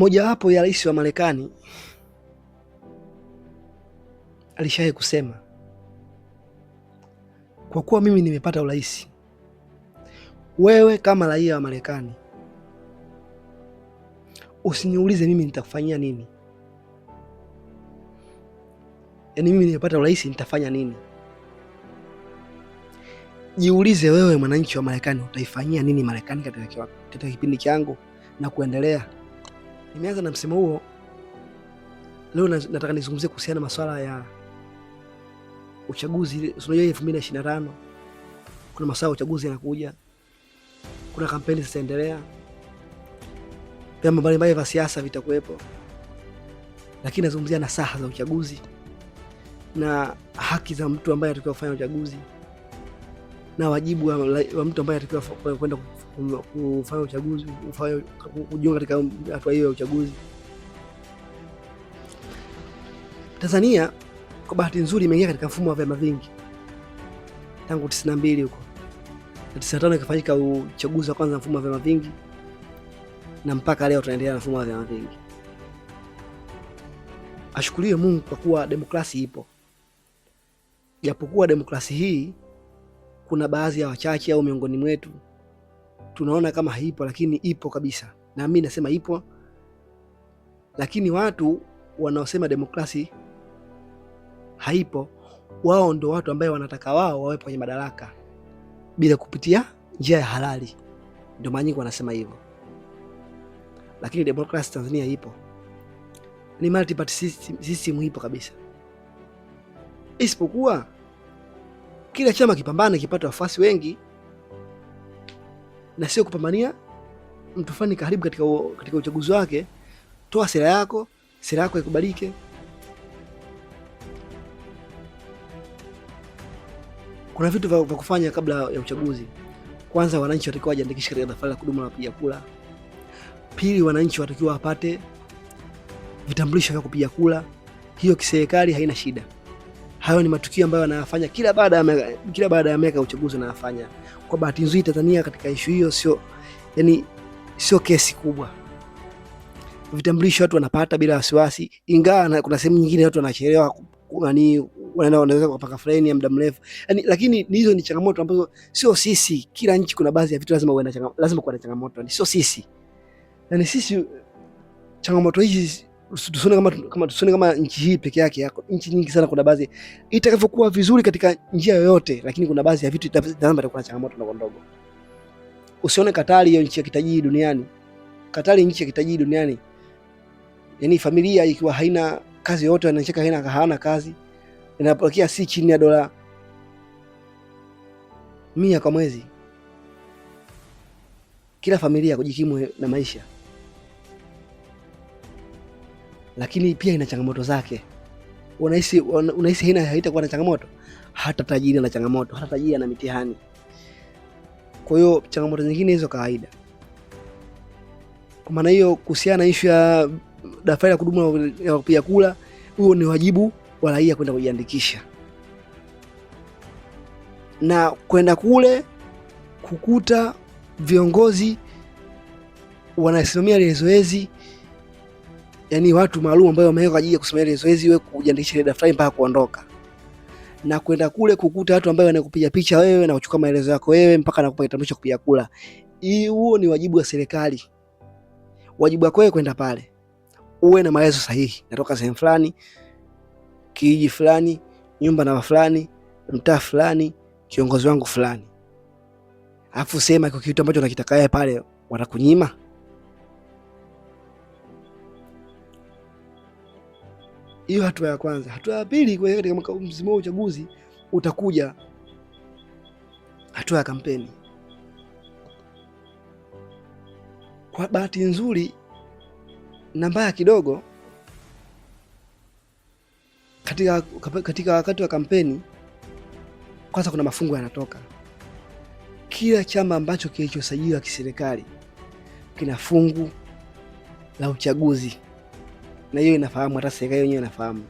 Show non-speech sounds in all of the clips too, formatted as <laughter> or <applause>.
mojawapo ya rais wa Marekani alishawahi kusema, kwa kuwa mimi nimepata urais, wewe kama raia wa Marekani usiniulize mimi nitakufanyia nini. Yaani mimi nimepata urais, nitafanya nini? Jiulize wewe mwananchi wa Marekani, utaifanyia nini Marekani katika kipindi changu na kuendelea. Nimeanza na msemo huo leo, nataka nizungumzie kuhusiana na masuala ya uchaguzi. Unajua elfu mbili na ishirini na tano kuna masuala ya uchaguzi yanakuja, kuna kampeni zitaendelea, vyama mbalimbali vya siasa vitakuwepo, lakini nazungumzia na saha za uchaguzi na haki za mtu ambaye anatakiwa kufanya uchaguzi na wajibu wa, wa mtu ambaye anatakiwa kwenda Um, kufanya uchaguzi, kujiunga katika hatua hiyo ya uchaguzi. Tanzania kwa bahati nzuri imeingia katika mfumo wa vyama vingi tangu 92 huko na 95 ikafanyika uchaguzi wa kwanza mfumo wa vyama vingi, na mpaka leo tunaendelea na mfumo wa vyama vingi. Ashukuriwe Mungu kwa kuwa demokrasi ipo, japokuwa demokrasi hii kuna baadhi ya wachache au miongoni mwetu tunaona kama haipo, lakini ipo kabisa, na mimi nasema ipo, lakini watu wanaosema demokrasi haipo, wao ndo watu ambao wanataka wao wawepo kwenye madaraka bila kupitia njia ya halali, ndio maana nyingi wanasema hivyo, lakini demokrasi Tanzania ipo, ni multi party system, system ipo kabisa, isipokuwa kila chama kipambane kipate wafuasi wengi na sio kupambania mtu fulani karibu katika, katika uchaguzi wake. Toa sera yako, sera yako ikubalike. Kuna vitu vya kufanya kabla ya uchaguzi. Kwanza, wananchi watakiwa wajiandikishe katika daftari la kudumu la wapiga kura. Pili, wananchi watakiwa wapate vitambulisho vya kupiga kura. Hiyo kiserikali haina shida. Hayo ni matukio ambayo wanayafanya kila baada ya miaka ya uchaguzi wanayafanya. Kwa bahati nzuri, Tanzania katika ishu hiyo sio yani, sio kesi kubwa. Vitambulisho watu wanapata bila wasiwasi, ingawa kuna sehemu nyingine watu wanachelewa nani wanaweza kupaka fulani ya muda mrefu yani, lakini hizo ni changamoto ambazo sio sisi. Kila nchi kuna baadhi ya vitu lazima uwe na changamoto, lazima kuwa na changamoto, sio sisi yani, sisi changamoto hizi tusione kama, kama, tusione kama nchi hii peke yake yako. Nchi nyingi sana, kuna baadhi itakavyokuwa vizuri katika njia yoyote, lakini kuna baadhi ya vitu itaanza kuwa changamoto ndogo ndogo. Usione katali hiyo nchi ya kitajiri duniani. katali nchi ya kitajiri duniani, yani familia ikiwa haina kazi yoyote, anacheka haina haana kazi, inapokea si chini ya dola mia kwa mwezi, kila familia kujikimu na maisha lakini pia ina changamoto zake. Unahisi unahisi haina haitakuwa na changamoto? Hata tajiri ana changamoto, hata tajiri ana mitihani. Kwa hiyo changamoto nyingine hizo kawaida. Kwa maana hiyo, kuhusiana na ishu ya daftari la kudumu ya kupiga kura, huo ni wajibu wa raia kwenda kujiandikisha na kwenda kule kukuta viongozi wanasimamia ile zoezi yani watu maalum ambao wamewekwa kwa ajili ya kusimamia ile zoezi, wewe kujiandikisha ile daftari mpaka kuondoka na kwenda kule kukuta watu ambao wanakupiga picha wewe na kuchukua maelezo yako wewe mpaka nakupa kitambulisho kupiga kula. Hii Huo ni wajibu wa serikali. Wajibu wako wewe kwenda pale uwe na maelezo sahihi, natoka sehemu fulani, kijiji fulani, nyumba namba fulani, mtaa fulani, kiongozi wangu fulani, afu sema kwa kitu ambacho unakitaka pale, watakunyima Hiyo hatua ya kwanza. Hatua ya pili, katika mzima wa uchaguzi utakuja hatua ya kampeni. Kwa bahati nzuri na mbaya kidogo, katika, katika wakati wa kampeni kwanza, kuna mafungu yanatoka. Kila chama ambacho kilichosajiliwa kiserikali kina fungu la uchaguzi na hiyo inafahamu, hata serikali yenyewe inafahamu,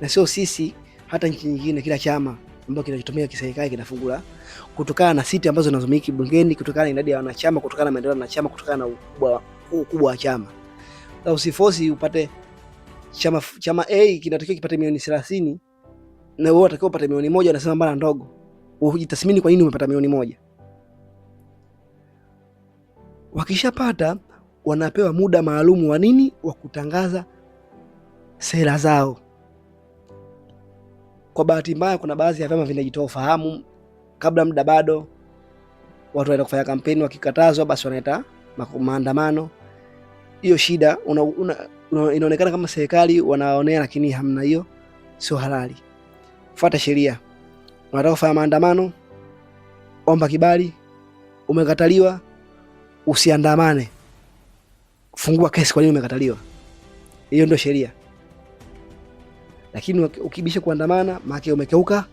na sio sisi, hata nchi nyingine, kila chama ambacho kinachotumia kiserikali kinafungula kutokana na siti ambazo zinazomiliki bungeni, kutokana na idadi ya wanachama, kutokana na maendeleo ya wanachama, kutokana na ukubwa ukubwa wa chama. Sasa usifosi upate chama chama A kinatakiwa kipate milioni 30 na wewe unatakiwa upate milioni moja, unasema bana ndogo. Ujitathmini kwa nini umepata milioni moja? Wakishapata wanapewa muda maalum wa nini, wa kutangaza sera zao. Kwa bahati mbaya, kuna baadhi ya vyama vinajitoa ufahamu kabla muda bado, watu wanaenda kufanya kampeni, wakikatazwa basi wanaleta maandamano. Hiyo shida una, una, una, inaonekana kama serikali wanaonea, lakini hamna, hiyo sio halali. Fuata sheria. Unataka kufanya maandamano, omba kibali. Umekataliwa, usiandamane fungua kesi. Kwa nini umekataliwa? Hiyo ndio sheria, lakini ukibisha kuandamana, maana umekeuka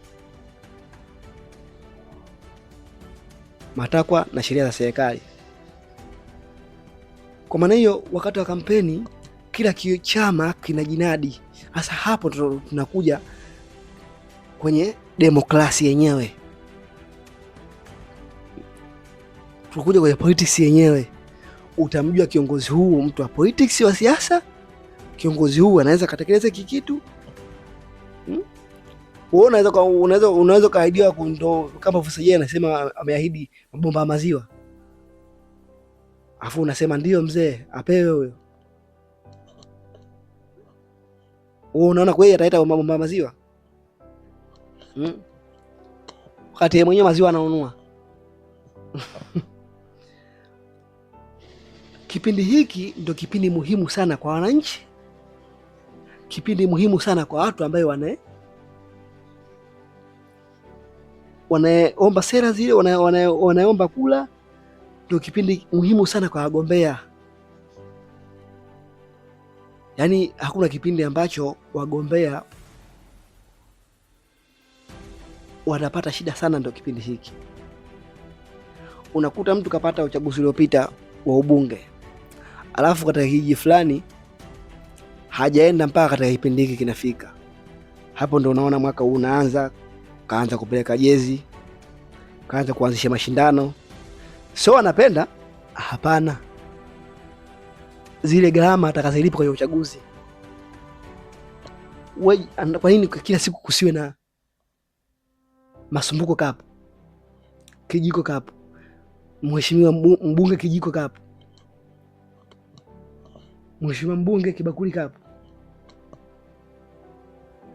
matakwa na sheria za serikali. Kwa maana hiyo, wakati wa kampeni kila chama kina jinadi. Hasa hapo tunakuja kwenye demokrasi yenyewe, tunakuja kwenye politics yenyewe utamjua kiongozi huu mtu wa politics wa siasa, kiongozi huu anaweza katekeleza hiki kitu hmm? Unaweza unaweza kundo kama Vusaje anasema ameahidi mabomba ya maziwa, afu unasema ndio mzee apewe huyo. Unaona kweli ataleta mabomba ya maziwa hmm? wakati hmm? mwenyewe maziwa anaunua <laughs> Kipindi hiki ndo kipindi muhimu sana kwa wananchi, kipindi muhimu sana kwa watu ambayo wana wanaomba sera zile, wanaomba kula, ndio kipindi muhimu sana kwa wagombea. Yaani hakuna kipindi ambacho wagombea wanapata shida sana, ndio kipindi hiki. Unakuta mtu kapata uchaguzi uliopita wa ubunge alafu katika kijiji fulani hajaenda mpaka katika kipindi hiki kinafika. Hapo ndo unaona mwaka huu unaanza, kaanza kupeleka jezi, kaanza kuanzisha mashindano. So anapenda hapana, zile gharama atakazilipa kwenye uchaguzi. Kwa nini kila siku kusiwe na Masumbuko kapo Kijiko kapo Mheshimiwa mbunge Kijiko kapo Mheshimiwa mbunge kibakuli kapo,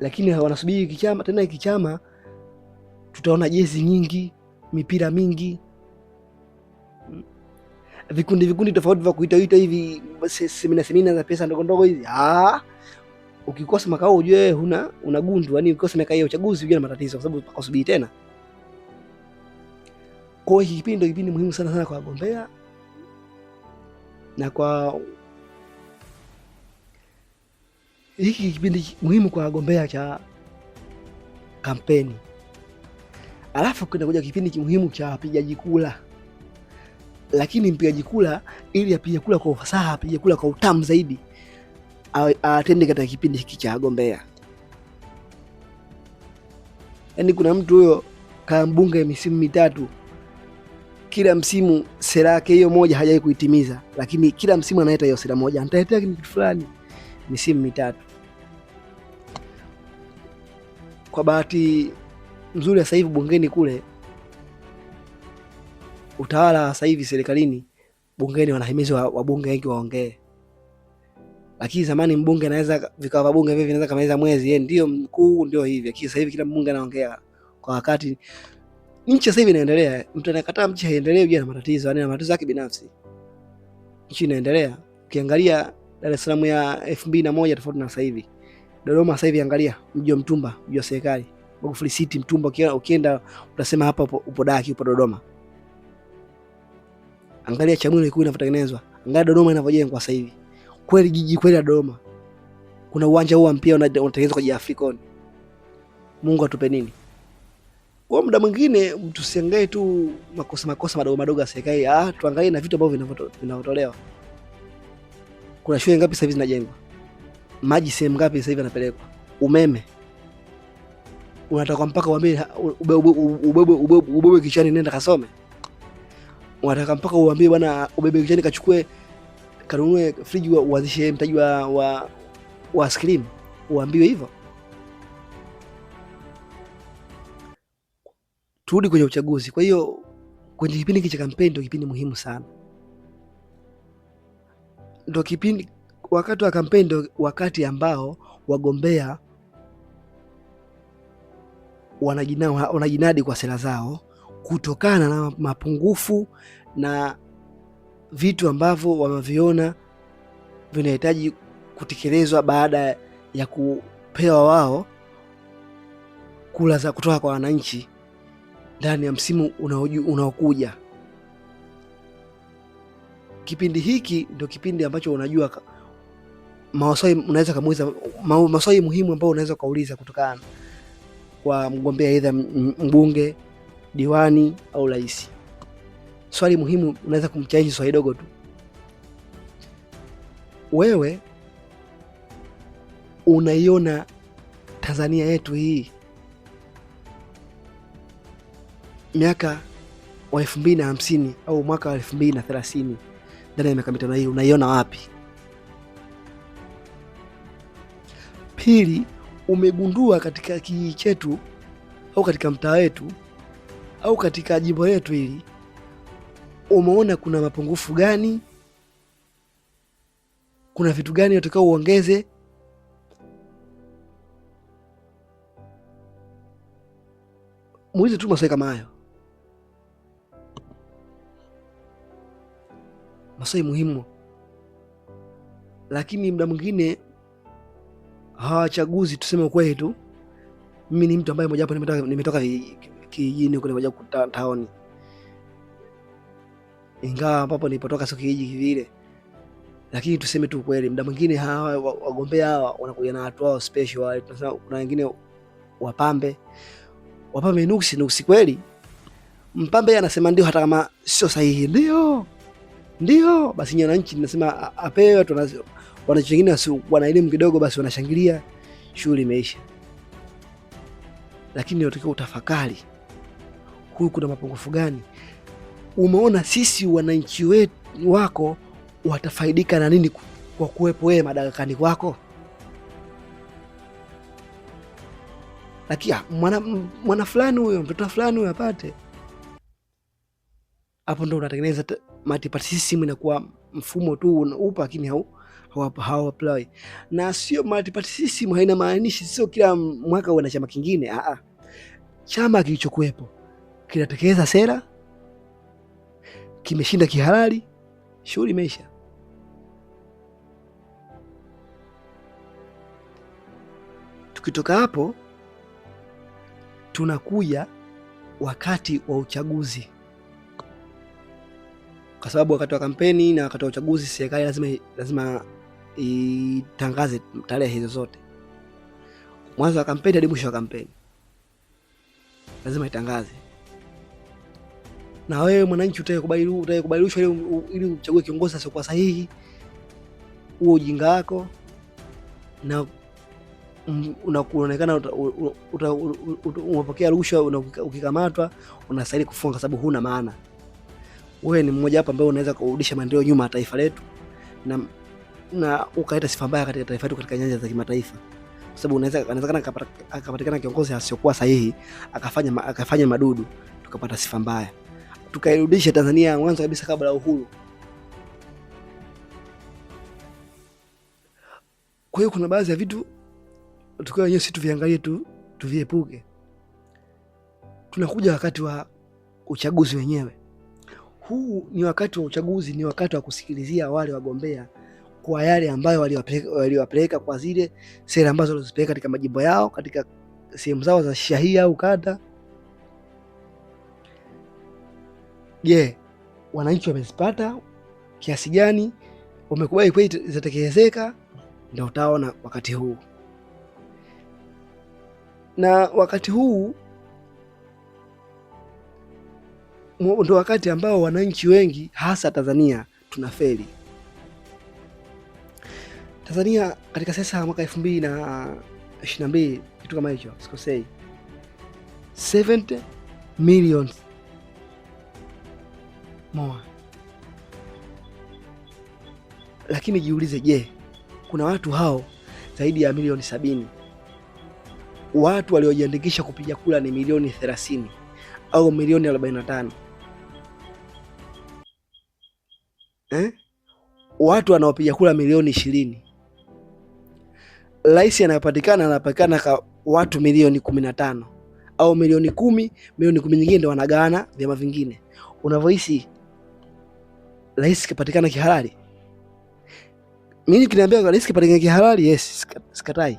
lakini wanasubiri kichama tena. Hiki chama tutaona jezi nyingi, mipira mingi, vikundi vikundi tofauti vya kuita ita hivi, semina semina za pesa ndogo ndogo hizi. Ah, ukikosa makao ujue huna unagundwa, yani ukikosa miaka ya uchaguzi ujue na matatizo, kwa sababu pakasubiri tena. Kwa hiyo kipindi ndio kipindi muhimu sana sana kwa wagombea na kwa hiki kipindi muhimu kwa wagombea cha kampeni, alafu kinakuja kipindi muhimu cha wapigaji kula. Lakini mpigaji kula, ili apige kula kwa ufasaha, apige kula kwa utamu zaidi, atende katika kipindi hiki cha wagombea. Yaani kuna mtu huyo kama mbunge misimu mitatu, kila msimu sera yake hiyo moja hajai kuitimiza, lakini kila msimu anaeta hiyo sera moja, nitaetea kitu fulani misimu mitatu. Kwa bahati nzuri sasa hivi bungeni kule, utawala sasa hivi serikalini, bungeni wanahimizwa wabunge wengi waongee, lakini zamani mbunge anaweza vikao vya bunge vinaweza kamaliza mwezi, yeye ndio mkuu, ndio hivi. Lakini sasa hivi kila mbunge anaongea kwa wakati. Nchi sasa hivi inaendelea, mtu anakataa nchi haiendelee bila matatizo, yani na matatizo yake binafsi. Nchi inaendelea, ukiangalia Dar es Salaam ya 2001 tofauti na sasa hivi Dodoma sasa hivi angalia mji wa mtumba, mji wa serikali. Magufuli City mtumba, ukienda utasema hapa upo upo Daki, upo Dodoma. Angalia Chamwino Ikulu inavyotengenezwa, angalia Dodoma inavyojengwa sasa hivi. Kweli jiji kweli la Dodoma. Kuna uwanja huu mpya unatengenezwa kwa ajili ya Africon. Mungu atupe nini? Kwa muda mwingine tusiangalie tu makosa makosa madogo madogo ya serikali, ah, tuangalie na vitu ambavyo vinavyotolewa. Kuna shule ngapi sasa hivi zinajengwa? maji sehemu ngapi sasa hivi yanapelekwa? Umeme unataka mpaka uambie ubebe kichani, nenda kasome. Unataka mpaka uambie bwana, ubebe kichani kachukue kanunue friji, uanzishe mtaji wa wa wa skrim, uambiwe hivyo. Turudi kwenye uchaguzi. Kwa hiyo kwenye kipindi cha kampeni ndio kipindi muhimu sana, ndio kipindi wakati wa kampeni ndio wakati ambao wagombea wanajinadi kwa sera zao kutokana na mapungufu na vitu ambavyo wameviona vinahitaji kutekelezwa baada ya kupewa wao kula za kutoka kwa wananchi ndani ya msimu unaokuja. Kipindi hiki ndio kipindi ambacho unajua maswali unaweza kumuuliza, maswali muhimu ambayo unaweza ukauliza kutokana kwa mgombea, aidha mbunge, diwani au rais. Swali muhimu unaweza kumchaji swali dogo tu, wewe unaiona Tanzania yetu hii miaka wa elfu mbili na hamsini au mwaka wa elfu mbili na thelathini ndani ya miaka mitano hii unaiona wapi? Pili, umegundua katika kijiji chetu au katika mtaa wetu au katika jimbo letu hili, umeona kuna mapungufu gani? Kuna vitu gani unatakiwa uongeze? Muulize tu maswali kama hayo, maswali muhimu, lakini muda mwingine hawachaguzi, tuseme ukweli tu. Mimi ni mtu ambaye mojawapo nimetoka nimetoka kijijini huko, nimekuja taoni, ingawa ambapo nilipotoka sio kijiji kivile, lakini tuseme tu kweli, muda mwingine hawa wagombea hawa wanakuja na watu wao special wale, tunasema kuna wengine wapambe, wapambe nuksi nuksi kweli. Mpambe anasema ndio, hata kama sio sahihi, ndio ndio, basi nyewe wananchi tunasema apewe, tunasema wananchi wengine wana elimu kidogo, basi wanashangilia, shughuli imeisha. Lakini inatakiwa utafakari, huyu kuna mapungufu gani? Umeona sisi wananchi wako watafaidika na nini kwa kuwepo wewe madarakani kwako? Lakini ah, mwana, mwana fulani huyo mtoto fulani huyo apate hapo, ndo unatengeneza matisismu, inakuwa mfumo tu unaupa lakini hau hawaapply na sio multipartyism. Haina maanishi sio kila mwaka uwe na chama kingine. Aa, ah, ah. chama kilichokuwepo kinatekeleza sera, kimeshinda kihalali, shughuli imeisha. Tukitoka hapo, tunakuja wakati wa uchaguzi, kwa sababu wakati wa kampeni na wakati wa uchaguzi serikali lazima lazima itangaze tarehe hizo zote, mwanzo wa kampeni hadi mwisho wa kampeni lazima itangaze. Na wewe mwananchi utakubadilishwa ili uchague kiongozi asiokuwa sahihi, huo ujinga wako na unaonekana umepokea rushwa, ukikamatwa unastahili kufunga, sababu huna maana. Wewe ni mmoja hapa ambaye unaweza kurudisha maendeleo nyuma ya taifa letu na na ukaleta sifa mbaya katika taifa letu katika nyanja za kimataifa, kwa sababu unaweza anaweza akapatikana kiongozi asiyokuwa sahihi akafanya akafanya madudu tukapata sifa mbaya, tukairudisha Tanzania ya mwanzo kabisa kabla ya uhuru. Kwa hiyo kuna baadhi ya vitu tukiwa wenyewe si tuviangalie tu tuviepuke. Tunakuja wakati wa uchaguzi wenyewe. Huu ni wakati wa uchaguzi, ni wakati wa kusikilizia wale wagombea kwa yale ambayo waliwapeleka kwa zile sera ambazo walizipeleka katika majimbo yao, katika sehemu zao za shahia au kata. Je, yeah, wananchi wamezipata kiasi gani? Wamekubali kweli zitatekelezeka? Ndio utaona wakati huu na wakati huu ndo wakati ambao wananchi wengi hasa Tanzania tunafeli. Tanzania katika siasa ya mwaka 2022 kitu kama hicho sikosei, 70 millions moa. Lakini jiulize, je, kuna watu hao zaidi ya milioni sabini watu waliojiandikisha kupiga kura ni milioni 30 au milioni 45 eh? Watu wanaopiga kura milioni ishirini rais anayopatikana anapatikana kwa watu milioni kumi na tano au milioni kumi, milioni kumi nyingine ndio wanagawana vyama vingine. Unavyohisi rais kapatikana kihalali? Mimi kinaambia rais kapatikana kihalali, yes, sikatai.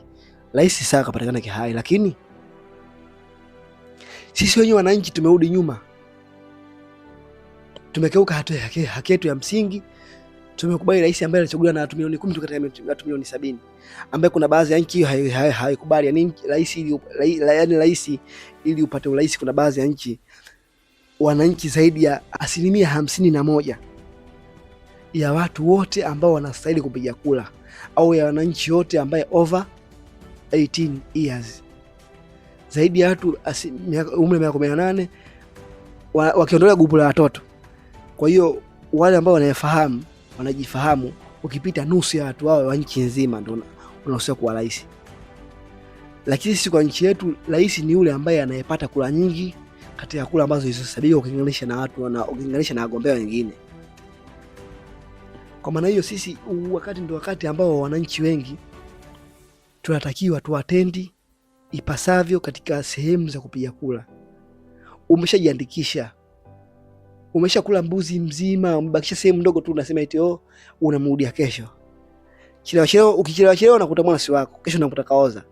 Rais saa kapatikana kihalali, lakini sisi wenyewe wananchi tumerudi nyuma, tumekeuka haki yetu ya msingi tumekubali rais ambaye alichaguliwa na watu milioni kumi kati ya watu milioni sabini ambaye kuna baadhi ya nchi haikubali yani rais ili yani rais ili upate urais, kuna baadhi ya nchi wananchi zaidi ya asilimia hamsini na moja ya watu wote ambao wanastahili kupiga kura au ya wananchi wote ambaye over 18 years zaidi ya watu umri miaka kumi na nane wakiondolea gubu la watoto. Kwa hiyo wale ambao wanayefahamu wanajifahamu, ukipita nusu ya watu wao wa nchi nzima ndio unahusika kuwa rais. Lakini sisi kwa nchi yetu rais ni yule ambaye anayepata kura nyingi kati ya kura ambazo zilizohesabiwa ukilinganisha na watu na ukilinganisha na wagombea wengine. Kwa maana hiyo sisi wakati ndio wakati ambao wananchi wengi tunatakiwa tuatendi ipasavyo katika sehemu za kupiga kura. Umeshajiandikisha umeshakula mbuzi mzima, umebakisha sehemu ndogo tu, unasema eti oh, unamrudia kesho. Chelewa chelewa, ukichelewa chelewa unakuta mwana si wako, kesho unakuta kaoza.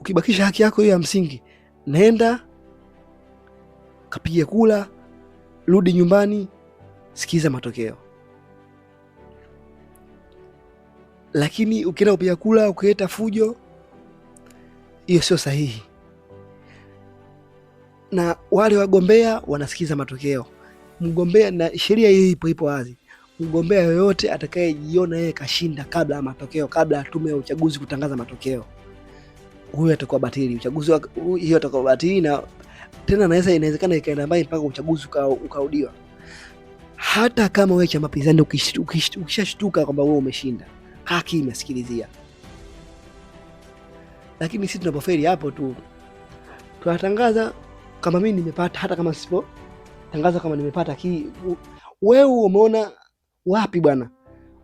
Ukibakisha haki yako hiyo ya msingi, nenda kapige kula, rudi nyumbani, sikiza matokeo. Lakini ukienda kupiga kula ukileta fujo, hiyo sio sahihi na wale wagombea wanasikiza matokeo. Mgombea na sheria hiyo ipo ipo wazi, mgombea yoyote atakayejiona yeye kashinda kabla ya matokeo, kabla ya tume ya uchaguzi kutangaza matokeo, huyo atakuwa batili uchaguzi hiyo, atakuwa batili na tena naweza inawezekana ikaenda mbali mpaka uchaguzi ukarudiwa, hata kama wewe chama pinzani ukishashtuka kwamba wewe umeshinda, haki imesikilizia. Lakini sisi tunapofeli hapo tu tunatangaza kama mimi nimepata, hata kama sipo tangaza kama nimepata ki, wewe umeona wapi bwana,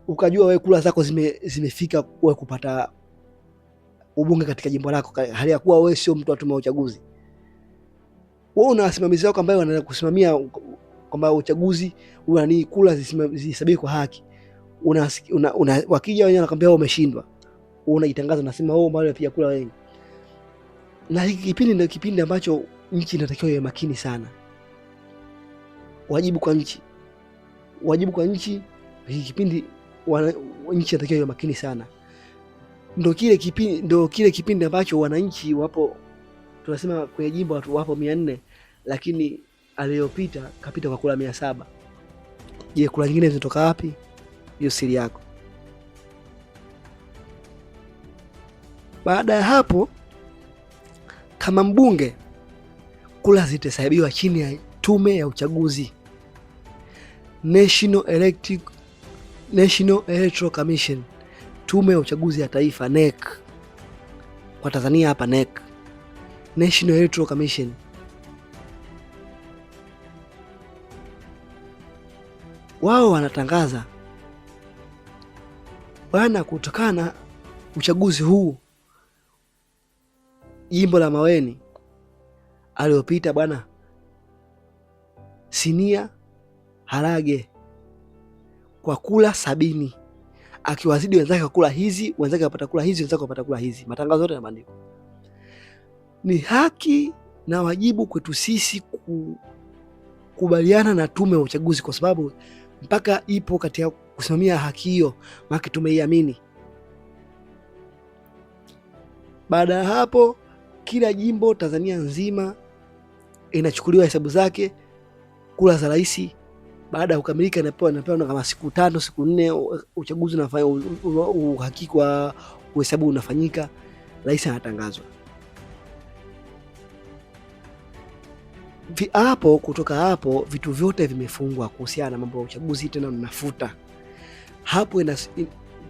ukajua wewe kula zako zime, zimefika wewe kupata ubunge katika jimbo lako, hali ya kuwa wewe sio mtu wa tume ya uchaguzi. Wewe una wasimamizi wako ambao wanaenda kusimamia kwamba uchaguzi ni kula zisabiki kwa haki, Una, una, wakija wenyewe wanakwambia wewe umeshindwa, unajitangaza unasema wewe mbali unapiga kula wengi, na hiki kipindi ndio kipindi ambacho nchi inatakiwa iwe makini sana, wajibu kwa nchi, wajibu kwa nchi. Hiki kipindi nchi inatakiwa iwe makini sana, ndo kile kipindi, ndo kile kipindi ambacho wananchi wapo, tunasema kwenye jimbo watu wapo mia nne lakini aliyopita kapita kwa kula mia saba Je, kula nyingine zinatoka wapi? Hiyo siri yako. Baada ya hapo, kama mbunge kura zitahesabiwa chini ya tume ya uchaguzi National, Electric, National Electoral Commission, tume ya uchaguzi ya taifa NEC. Kwa Tanzania hapa NEC, National Electoral Commission. Wao wanatangaza bwana, kutokana na uchaguzi huu jimbo la Maweni aliyopita bwana, sinia harage kwa kula sabini, akiwazidi wenzake kula hizi, wenzake wapata kula hizi, wenzake wapata kula hizi. Matangazo yote yanabandikwa. Ni haki na wajibu kwetu sisi kukubaliana na tume ya uchaguzi, kwa sababu mpaka ipo katika kusimamia haki hiyo, maana tumeiamini. Baada ya hapo, kila jimbo Tanzania nzima inachukuliwa hesabu zake, kula za rais baada ya kukamilika inapewa inapewa kama siku tano siku nne, uchaguzi unafanya uhakiki wa kuhesabu unafanyika, rais anatangazwa hapo. Kutoka hapo vitu vyote vimefungwa kuhusiana na mambo ya uchaguzi, tena unafuta hapo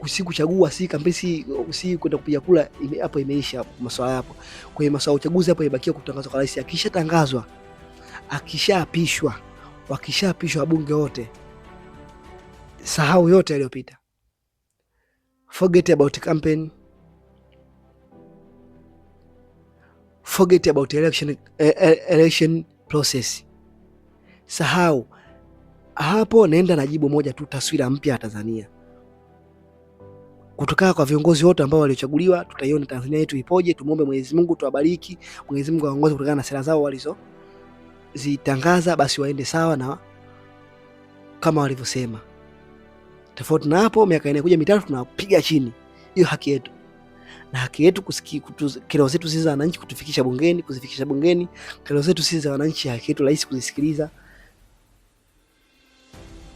usikuchagua si kampeni si, si kwenda kupiga kula hapo ime, imeisha hapo masuala hapo. Kwa hiyo masuala uchaguzi hapo imebakia kutangazwa kwa rais. Akishatangazwa, akishaapishwa, wakishaapishwa wabunge wote, sahau yote yaliyopita, forget about campaign, forget about election, e, e, election process, sahau hapo. Naenda najibu moja tu, taswira mpya ya Tanzania kutokana kwa viongozi wote ambao waliochaguliwa, tutaiona Tanzania yetu ipoje. Tumwombe Mwenyezi Mungu, tuwabariki Mwenyezi Mungu, aongoze kutokana na sera zao walizo zitangaza, basi waende sawa na kama walivyosema. Tofauti na hapo, miaka inayokuja mitatu tunapiga chini. Hiyo haki yetu na haki yetu kusikia kero zetu sisi za wananchi, kutufikisha bungeni, kuzifikisha bungeni kero zetu sisi za wananchi, haki yetu rais kuzisikiliza.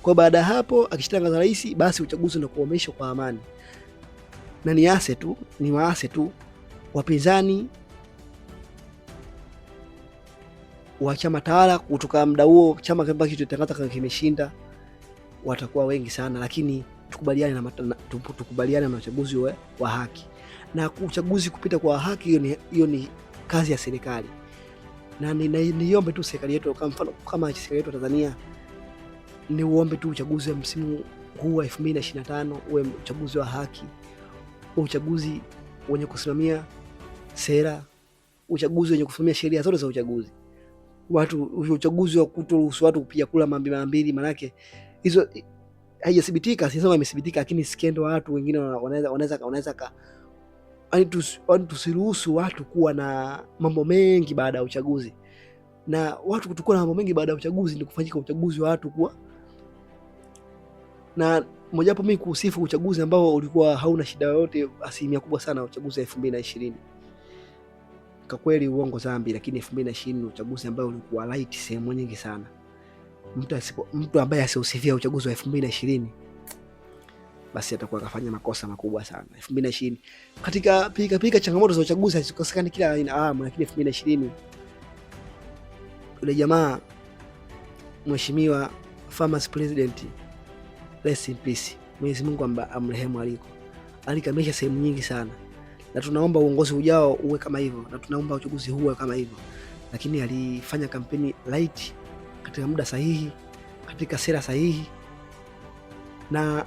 Kwa baada ya hapo, akishatangaza rais, basi uchaguzi unakuomeshwa kwa amani na niase tu ni waase tu wapinzani wa chama tawala kutoka muda huo chama ambacho kilitangaza kama kimeshinda watakuwa wengi sana, lakini tukubaliane na, tukubaliane na uchaguzi wa haki na uchaguzi kupita kwa haki. Hiyo ni, hiyo ni kazi ya serikali, na niombe tu serikali yetu, kama mfano kama serikali yetu Tanzania, niuombe tu uchaguzi wa msimu huu wa 2025 uwe uchaguzi wa haki wa uchaguzi wenye kusimamia sera, uchaguzi wenye kusimamia sheria zote za uchaguzi, watu uchaguzi wa kutoruhusu watu kupiga kula mambi mambili, manake hizo haijathibitika, sisema imethibitika, lakini skendo watu wengine wanaweza wanaweza wanaweza yaani yaani tusiruhusu watu kuwa na mambo mengi baada ya uchaguzi, na watu kutokuwa na mambo mengi baada ya uchaguzi ni kufanyika uchaguzi wa watu kuwa na mojawapo mimi kuusifu uchaguzi ambao ulikuwa hauna shida yoyote, asilimia kubwa sana uchaguzi wa 2020. Kwa kweli uongo zambi, lakini 2020 ni uchaguzi ambao ulikuwa light sehemu nyingi sana. Mtu asipo mtu ambaye asiusifia uchaguzi wa 2020 basi atakuwa akafanya makosa makubwa sana. 2020 katika pika pika, changamoto za uchaguzi hazikosekani kila aina ah, lakini 2020 yule jamaa mheshimiwa Farmers President rest in peace. Mwenyezi Mungu amrehemu aliko. Alikamilisha sehemu nyingi sana, na tunaomba uongozi ujao uwe kama hivyo, na tunaomba uchaguzi huu uwe kama hivyo. Lakini alifanya kampeni light katika muda sahihi, katika sera sahihi, na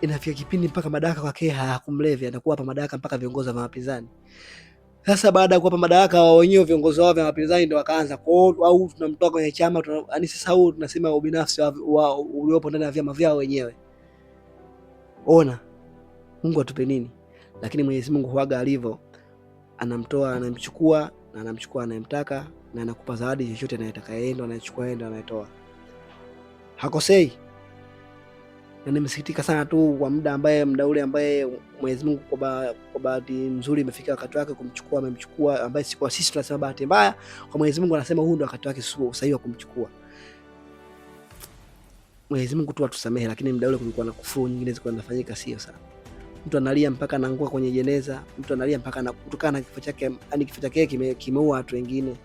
inafika kipindi mpaka madaraka kwake hayakumlevi, anakuwa hapa madaraka mpaka viongozi wa mapinzani sasa baada ya kuwapa madaraka wao wenyewe viongozi wao vya wapinzani ndio wakaanza kwa au tunamtoa kwenye chama yaani, sasa huu tunasema ubinafsi wa uliopo ndani ya vyama vyao wenyewe. Ona Mungu atupe nini, lakini Mwenyezi Mungu huaga alivyo, anamtoa anamchukua, na anamchukua anayemtaka, na anakupa zawadi chochote anayetaka yeye, ndo anachukua yeye, ndo anayetoa, hakosei na nimesikitika sana tu kwa muda ambaye muda ule ambaye Mwenyezi Mungu kwa ba, kwa bahati nzuri imefika wakati wake kumchukua, amemchukua, ambaye si kwa sisi tunasema bahati mbaya, kwa Mwenyezi Mungu anasema huu ndo wakati wake sahihi wa kumchukua. Mwenyezi Mungu tu atusamehe, lakini muda ule kulikuwa na kufuru nyingine zilikuwa zinafanyika, sio sana. Mtu analia mpaka anaangua kwenye jeneza, mtu analia mpaka anakutukana na kifo chake, yani kifo chake kime, kimeua watu wengine,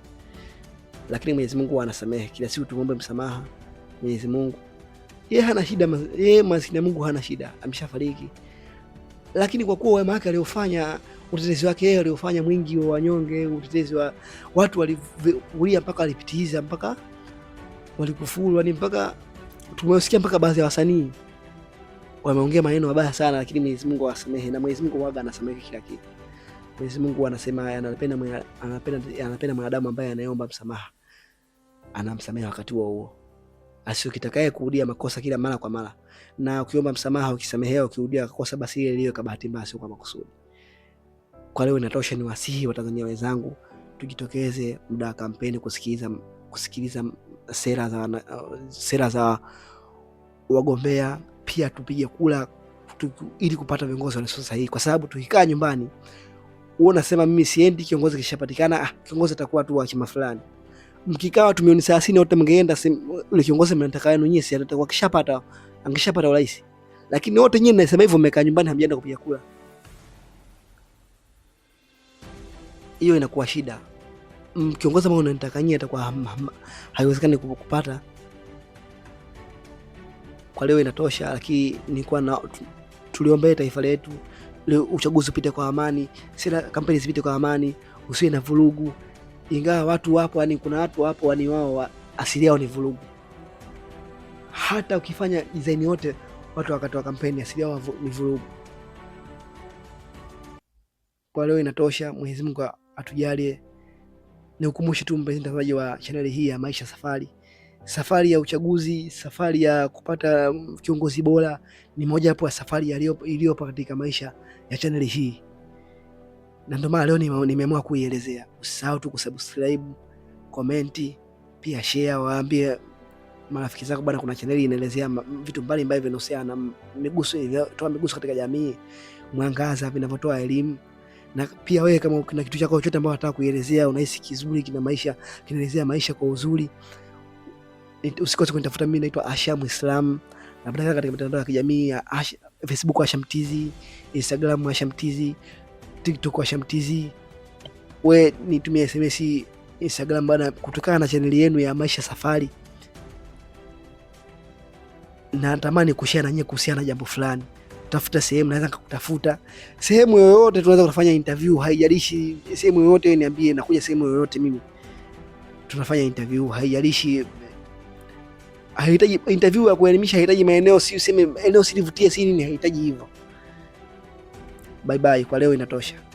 lakini Mwenyezi Mungu anasamehe. Kila siku tuombe msamaha Mwenyezi Mungu yeye hana shida, yeye maskini ya Mungu hana shida, ameshafariki. Lakini kwa kuwa wema wake aliofanya, utetezi wake yeye aliofanya mwingi wa wanyonge, utetezi wa watu walivulia mpaka walipitiliza mpaka walikufuru, yani mpaka tumewasikia mpaka baadhi ya wasanii wameongea maneno mabaya sana, lakini Mwenyezi Mungu awasamehe, na Mwenyezi Mungu waga anasamehe kila kitu. Mwenyezi Mungu anasema anapenda mwanadamu ambaye anayeomba msamaha, anamsamehe wakati huo huo asiokitakaye kurudia makosa kila mara kwa mara, na ukiomba msamaha ukisamehewa, ukirudia kosa, basi ile ile kwa bahati mbaya, sio kwa makusudi. Kwa leo inatosha. Ni wasihi Tanzania wenzangu, tujitokeze muda wa kampeni kusikiliza, kusikiliza sera za, sera za wagombea, pia tupige kura ili kupata viongozi walio sahihi, kwa sababu tukikaa nyumbani, wewe unasema mimi siendi, kiongozi kishapatikana, ah, kiongozi atakuwa tu wa chama fulani mkikawa tu milioni 30 wote mngeenda ule kiongozi mnataka yenu nyinyi, si atataka kishapata, angeshapata urais. Lakini wote nyinyi mnasema hivyo, mmekaa nyumbani hamjaenda kupiga kura, hiyo inakuwa shida. Mm, kiongozi ambaye unataka nyinyi atakuwa haiwezekani kupata. Kwa leo inatosha, lakini nilikuwa na tuliombea taifa letu, uchaguzi upite kwa amani, sera kampeni zipite kwa amani, usiwe na vurugu ingawa watu wapo, yani kuna watu wapo, yani wao wa, asili yao ni vurugu. Hata ukifanya design yote watu wakatoa kampeni, asili yao ni vurugu. Kwa leo inatosha. Mwenyezi Mungu atujalie. ukumbushe tu mpenzi mtazamaji wa chaneli hii ya Maisha Safari, safari ya uchaguzi, safari ya kupata kiongozi bora ni moja wapo ya safari iliyopo katika maisha ya chaneli hii na ndio maana leo nimeamua kuielezea. Usisahau tu kusubscribe, comment, pia share, waambie marafiki zako bwana, kuna chaneli inaelezea vitu mbalimbali vinahusiana na miguso, toa miguso katika jamii, mwangaza, vinavyotoa elimu. Na pia wewe kama kuna kitu chako chochote ambacho unataka kuielezea, unahisi kizuri, kina maisha, kinaelezea maisha kwa uzuri, usikose kunitafuta mimi, naitwa Asha Muislam, na katika mitandao ya kijamii ya Ash, Facebook Mtizi, Instagram Asha Mtizi. TikTok wa Shamtizi, we nitumie SMS, Instagram bana, kutokana na chaneli yenu ya Maisha Safari, na natamani kushare na nyie kuhusiana na jambo fulani. Tafuta sehemu, naweza kukutafuta sehemu yoyote, tunaweza kufanya interview, haijalishi sehemu yoyote, niambie, nakuja sehemu yoyote mimi, tunafanya interview, haijalishi eh, hahitaji interview ya kuelimisha, hahitaji maeneo si useme eneo silivutie si nini, hahitaji hivyo. Bye bye, kwa leo inatosha.